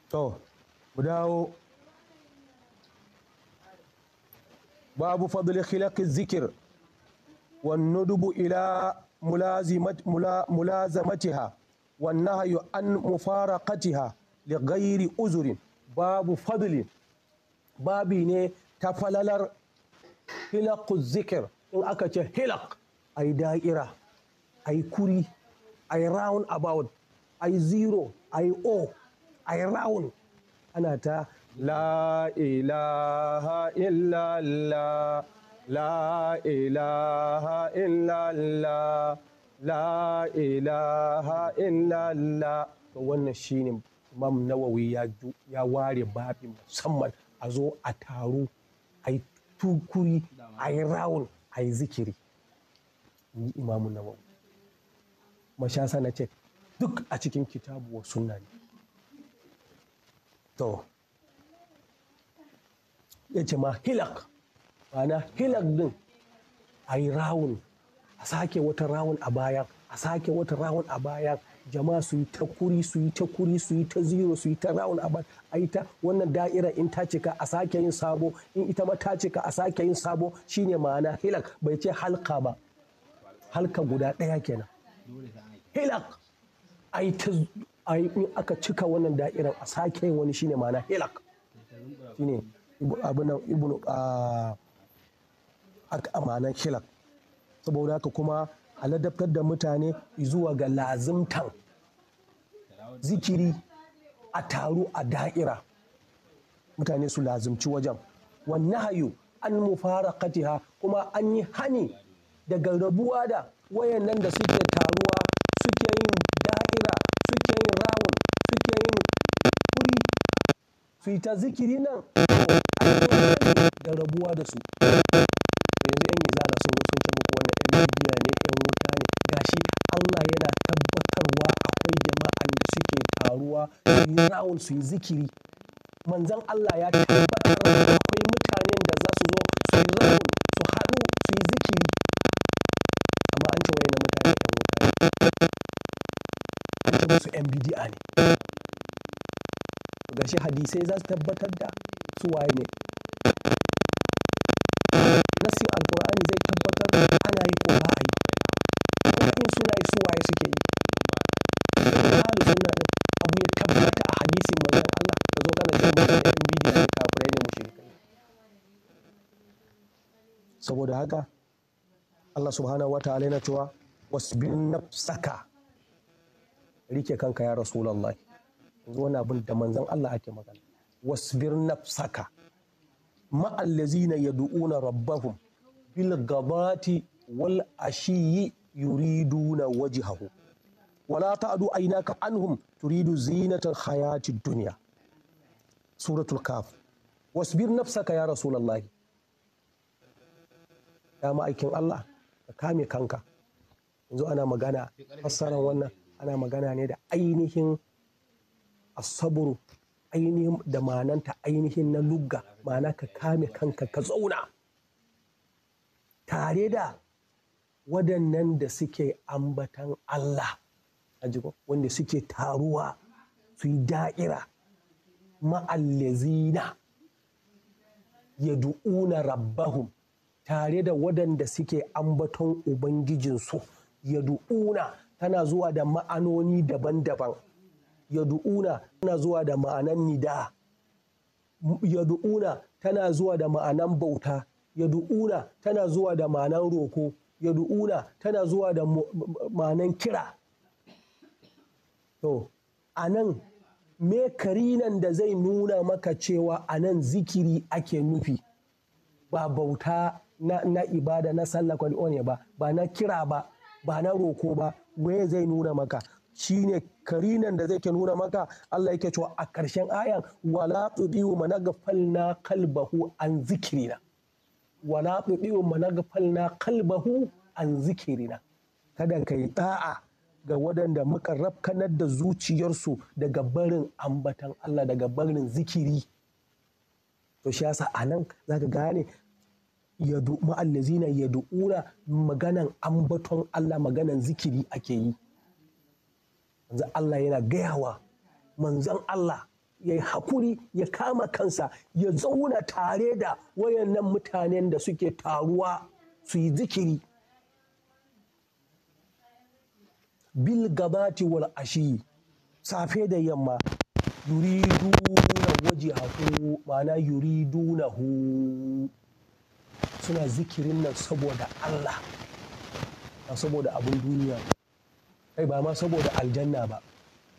S2: to mu dawo babu fadli khilaqi zikir wan dubu ila mulazimat mulazamatiha wannan nahyu an mufaraqatiha li gairi uzurin babu fadli babi ne ta falalar hilaqu zikir in aka ce hilak ai da'ira ai kuri a yi round about a yi zero a yi o a yi round ana ta la ilaha illallah la ilaha illallah la ilaha illallah to wannan shine imam nawawi ya ya ware babi musamman a zo a taru a yi tukuri a yi rawun a yi zikiri ni imamu nawawi mashasa na ce duk a cikin kitabu wa sunna ne to ya ce ma hilak ma'ana hilak din a yi rawun a sake wata rawun a bayan a sake wata rawun a bayan jama'a su yi ta kuri su yi ta kuri su yi ta zero su yi ta rawun a bayan a yi ta wannan da'ira in ta cika a sake yin sabo in ita ma ta cika a sake yin sabo shine ma'ana hilak bai ce halka ba halka guda ɗaya kenan hilak ai ta ai in aka cika wannan da'irar a sake wani shine ma'ana hilak shine abinan ibn a manan hilak saboda haka kuma a ladabtar da mutane zuwa ga lazimtan zikiri a taru a da'ira mutane su lazimci wajen wannan hayo an mu fara kuma an yi hani daga rabuwa da wayannan da suke su ta zikiri nan da rabuwa da su yanzu yan izala sun sun ce muku wannan yan bidiya ne yan wuta ne gashi Allah yana tabbatarwa akwai jama'an da suke taruwa su yi su yi zikiri manzon Allah ya tabbatar akwai mutanen da za su zo su yi rawun su haɗu su yi zikiri amma an ce wayan mutane yan wuta ne an ce musu yan bidiya ne gashi hadisai za su tabbatar da su waye ne
S1: nasi alkur'ani zai tabbatar ana yi ko ba a yi in suna yi su waye suke yi ahlu suna da abu ya tabbata a hadisin manzon Allah ka zo kana cewa mutane yan bidiyo da kafirai ne
S2: mushrik saboda haka Allah subhanahu wa ta'ala yana cewa wasbir nafsaka rike kanka ya rasulullahi yanzu wani da manzon Allah ake magana wasbir nafsaka ma'allazina yad'una rabbahum bil gabati wal ashiyi yuriduna wajhahu wala ta'du aynaka anhum turidu zinata hayati dunya suratul kaf wasbir nafsaka ya rasulullahi ya ma'aikin Allah ka kame kanka yanzu ana magana fassaran wannan ana magana ne da ainihin asaburu ainihin da mananta ainihin na lugga ma'ana ka kame kanka ka zauna tare da waɗannan da suke ambatan Allah wanda suke taruwa su yi da'ira ma'allazina ya du'una rabbahum tare da waɗanda suke ambaton ubangijinsu ya du'una tana zuwa da ma'anoni daban-daban yadu'una tana zuwa da ma'anan nida yadu'una tana zuwa da ma'anan bauta yadu'una tana zuwa da ma'anan roko yadu'una tana zuwa da ma'anan kira to anan nan me karinan da zai nuna maka cewa a nan zikiri ake nufi ba bauta na, na ibada na sallah ba ba na kira ba ba na roko ba waye zai nuna maka shine karinan da zai ke nuna maka Allah yake cewa a ƙarshen ayan wala tudiu falna kalbahu an zikirina wala tudiu falna kalbahu an zikirina kada ka yi ɗa'a ga waɗanda muka rafkanar da zuciyarsu daga barin ambatan Allah daga barin zikiri to shi yasa za zaka gane yadu ma'allazina yadu'una maganan ambaton Allah maganan zikiri ake yi manzan Allah yana gayawa manzan Allah ya yi hakuri ya kama kansa ya zauna tare da wayannan mutanen da suke taruwa su yi zikiri bil gabati wal ashi safe da yamma yuriduna wajihahu ma'ana yuridunahu suna zikirin nan saboda Allah saboda abin duniya kai ba ma saboda aljanna ba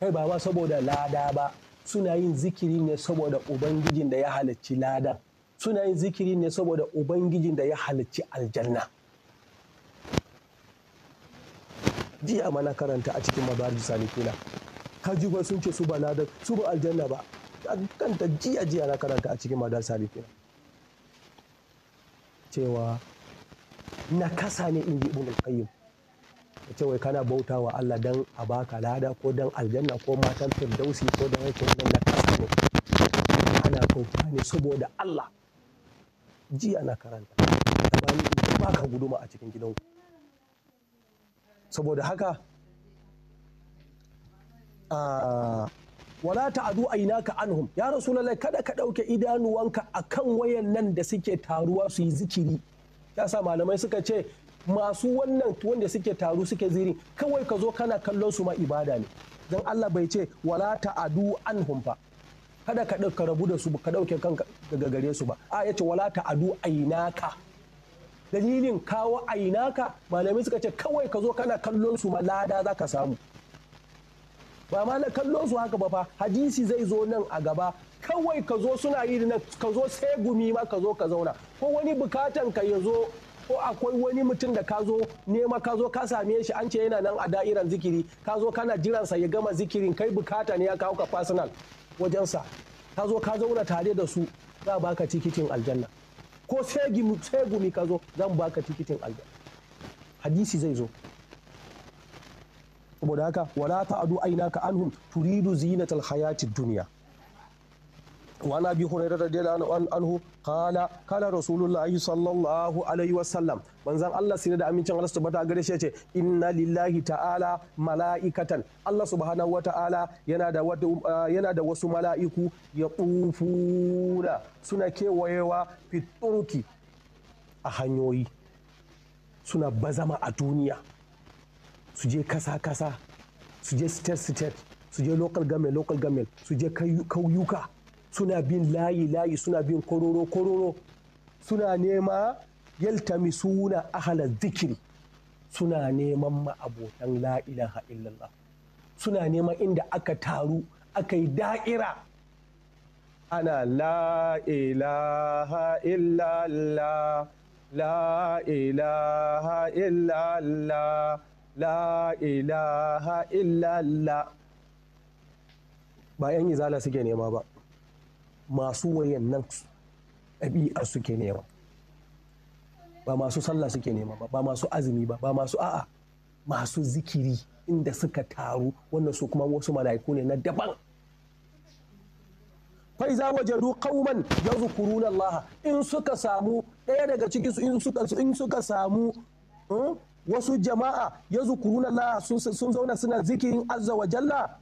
S2: kai ba ma saboda lada ba suna yin zikiri ne saboda ubangijin da ya halacci lada suna yin zikiri ne saboda ubangijin da ya halacci aljanna jiya mana karanta a cikin mabarji ka kaji ba sun ce su ba lada su ba aljanna ba kanta jiya jiya na karanta a cikin madarsa salikina cewa nakasa ne in ji ibn qayyim ka ce wai kana bauta wa Allah dan a baka lada ko dan aljanna ko matan firdausi ko dan yake wannan na kasa ne ana bauta ne saboda Allah ji ana karanta ba baka guduma a cikin gidanku saboda haka wala ta'adu ainaka anhum ya rasulullahi kada ka dauke idanuwanka akan wayan nan da suke taruwa su yi zikiri ya sa malamai suka ce masu wannan wanda suke taru suke ziri kawai ka zo kana kallon su ma ibada ne don Allah bai ce wala ta'adu an humfa kada ka ɗauka rabu da su ka dauke kanka daga gare su ba a yace wala ta'adu ainaka dalilin kawo ainaka malami suka ce kawai ka zo kana kallon su ma lada za ka samu ba ma na kallon su haka ba fa hadisi zai zo nan a gaba kawai ka zo suna yi nan ka zo sai gumi ma ka zo ka zauna ko wani bukatan ka ya zo ko akwai wani mutum da ka zo nema ka zo ka same shi an ce yana nan a da'iran zikiri ka zo kana jiransa ya gama zikirin kai bukata ne ya kawo ka personal wajensa ka zo ka zauna tare da su za a baka tikitin aljanna ko sai gumi ka zo zan baka tikitin aljanna hadisi zai zo saboda haka wala ta'adu ainaka anhum turidu zinatal hayatid duniya وعن ابي هريره رضي الله عنه قال قال رسول الله sallallahu alaihi wa sallam. manzon Allah sai da amincin Allah su wa gare shi ce inna lillahi ta'ala mala'ikatan Allah subhanahu wa ta'ala yana da yana da wasu mala'iku ya tufuna suna kewayewa fiturki a hanyoyi suna bazama a duniya su je kasa kasa su je state state su je local government local government su je kauyuka suna bin layi layi suna bin kororo kororo suna nema suna ahala zikiri suna neman ma'abotan la illallah suna nema inda aka taru aka yi da'ira ana la'ilaha illallah la'ilaha illallah la'ilaha illallah ba yan izala suke nema ba masu wayannan ɗabi'a suke nema ba masu sallah suke nema ba ba masu azumi ba ba masu a'a masu zikiri inda suka taru wannan su kuma wasu mala'iku ne na daban iza wajadu qauman yazkuruna Allah in suka samu ɗaya daga cikin su in suka in suka samu hmm, wasu jama'a yazkuruna Allah sun zauna suna zikirin azza wa jalla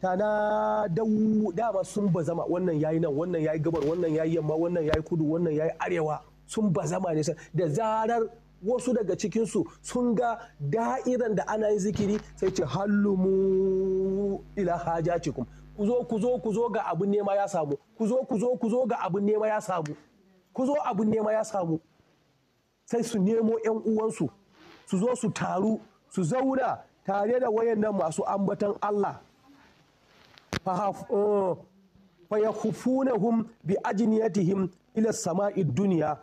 S2: tana dawu dama sun bazama wannan yayi nan wannan yayi gabar wannan yayi yamma wannan yayi kudu wannan yayi arewa sun bazama ne da zarar wasu daga cikinsu sun ga da'iran da ana yin zikiri sai ce hallumu ila hajatikum ku zo ku zo ku zo ga abun nema ya samu ku zo ku zo ku zo ga abun nema ya samu ku zo abun nema ya samu sai su nemo yan uwansu su zo su taru su zauna tare da wayannan masu ambatan Allah fayahufunahum bi ajiniyatihim ila sama'i duniya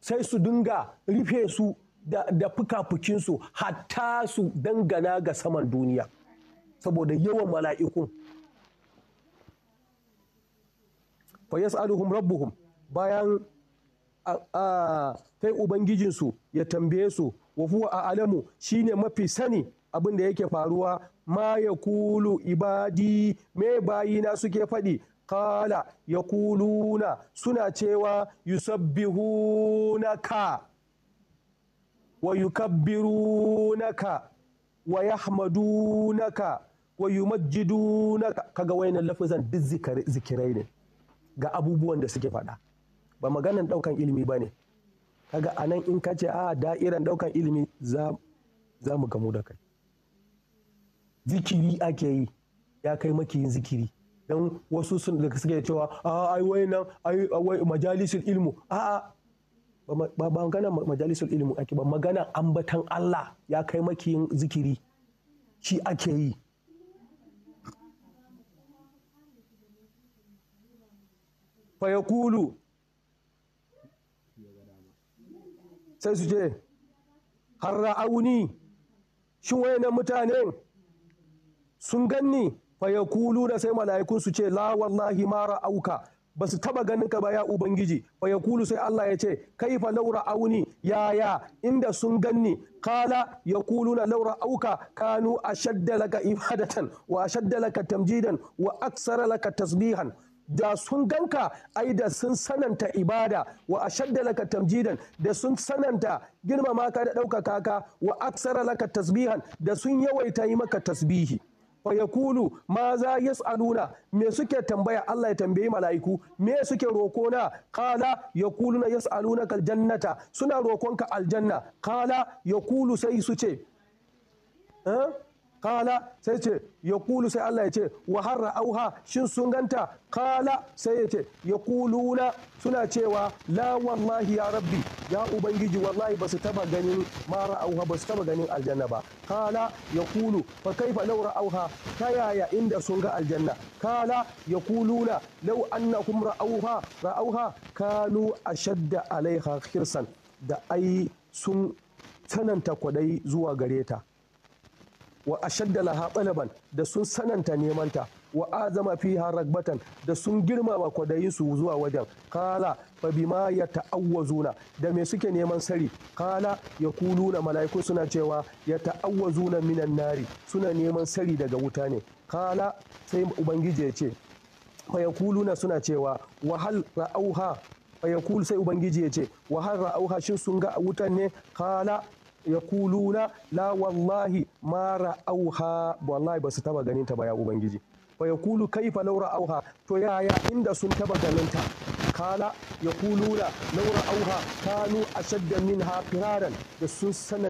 S2: sai su dinga rufe su da, da fuka-fukinsu hatta su dangana ga saman duniya saboda yawan mala'ikun fa yas'aluhum rabbuhum bayan sai ubangijinsu ya tambaye su wa a a'lamu shine mafi sani abin da yake faruwa ma ya kulu ibadi me bayina suke faɗi kala ya kuluna suna cewa yusabbihunaka wa yukabbirunaka wa yahmadunaka wa yumajjidunaka kaga wayannan lafazan duk zikirai ne ga abubuwan da suke faɗa ba maganan ɗaukan ilimi ba ne kaga anan in ka ce a ah, da'iran ɗaukan ilimi za mu gamu da kai zikiri ake yi ya kai makiyin zikiri don wasu sun da suke cewa a ai wai nan ai wai majalisul ilmu a a ba magana majalisul ilmu ake ba magana ambatan Allah ya kai makiyin zikiri shi ake yi fa sai su ce har ra'auni shin wayannan mutanen sun ganni fa na sai mala'ikun su ce la wallahi mara auka ba su taba ganin ka ba ya ubangiji fa kulu sai Allah ya ce fa laura auni ya ya inda sun ganni kala na laura auka kanu ashadda laka ibadatan wa ashadda laka tamjidan wa aksara laka tasbihan da sun ganka ai da sun sananta ibada wa ashadda laka tamjidan da sun sananta girmama ka da ɗaukaka ka wa aksara laka tasbihan da sun yawaita yi maka tasbihi wa yakulu ma za yas'aluna me suke tambaya Allah ya tambayi mala'iku me suke roko na rokona qala a yas'aluna kal jannata suna rokonka aljanna qala yakulu sai su ce kala sai ce ya kulu sai Allah ya ce wa harra auha shin sun ganta kala sai ya ce ya kuluna suna cewa la wallahi ya rabbi ya ubangiji wallahi ba su taba ganin mara auha ba su taba ganin aljanna ba kala ya kulu fa kaifa laura auha ta yaya inda sun ga aljanna kala ya kuluna lau annakum ra'auha ra'auha kanu ashadda alaiha khirsan da ai sun tsananta kwadai zuwa gare ta wa ashadda laha talaban da sun sananta nemanta wa azama fiha ragbatan da sun girmama kwadayin su zuwa wajen kala fa bima ya ta'awwazuna da me suke neman sari kala ya kuluna mala'iku suna cewa ya ta'awwazuna minan nari suna neman sari daga wuta ne kala sai ubangiji ya ce fa ya kuluna suna cewa wahal ra'auha fa ya sai ubangiji ya ce wahal ra'auha shin sun ga wutan ne kala yaquluna la wallahi ma ra'auha wallahi basu taba ganin ta ba ya ubangiji fa yaqulu kaifa law ra'auha to yaya inda sun taba ganin ta kala yaquluna law ra'auha kanu ashadda minha firaran da sun sanar